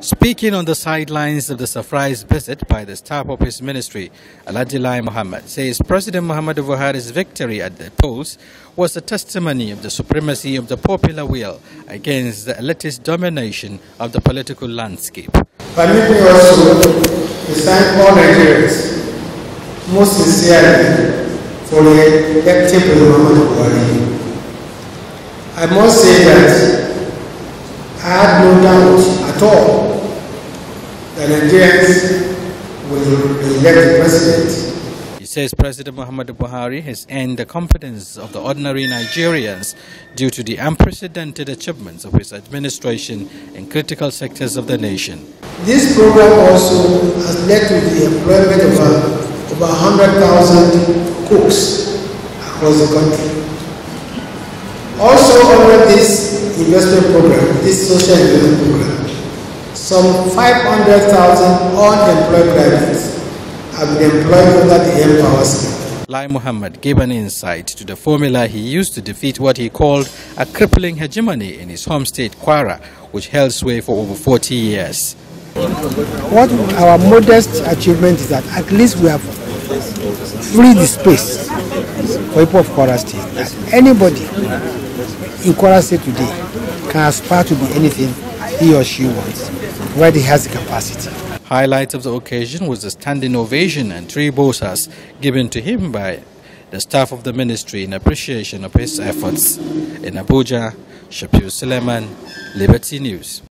Speaking on the sidelines of the surprise visit by the staff of his ministry, Aladilai Muhammad says President Muhammad Buhari's victory at the polls was a testimony of the supremacy of the popular will against the elitist domination of the political landscape. Permit me also to thank all Nigerians most sincerely for the active Muhammad Buhari. I must say that I had no doubt at all he says President Muhammadu Buhari has earned the confidence of the ordinary Nigerians due to the unprecedented achievements of his administration in critical sectors of the nation. This program also has led to the employment of over uh, 100,000 cooks across the country. Also, under this investment program, this social investment program, some 500,000 unemployed graduates have been employed under the Empower scheme. Lai Muhammad gave an insight to the formula he used to defeat what he called a crippling hegemony in his home state, Kwara, which held sway for over 40 years. What our modest achievement is that at least we have freed the space for people of Kwara State. That anybody in Kwara State today can aspire to be anything he or she wants where he has the capacity. Highlight of the occasion was the standing ovation and three bosas given to him by the staff of the ministry in appreciation of his efforts. In Abuja, Shapiro Suleiman, Liberty News.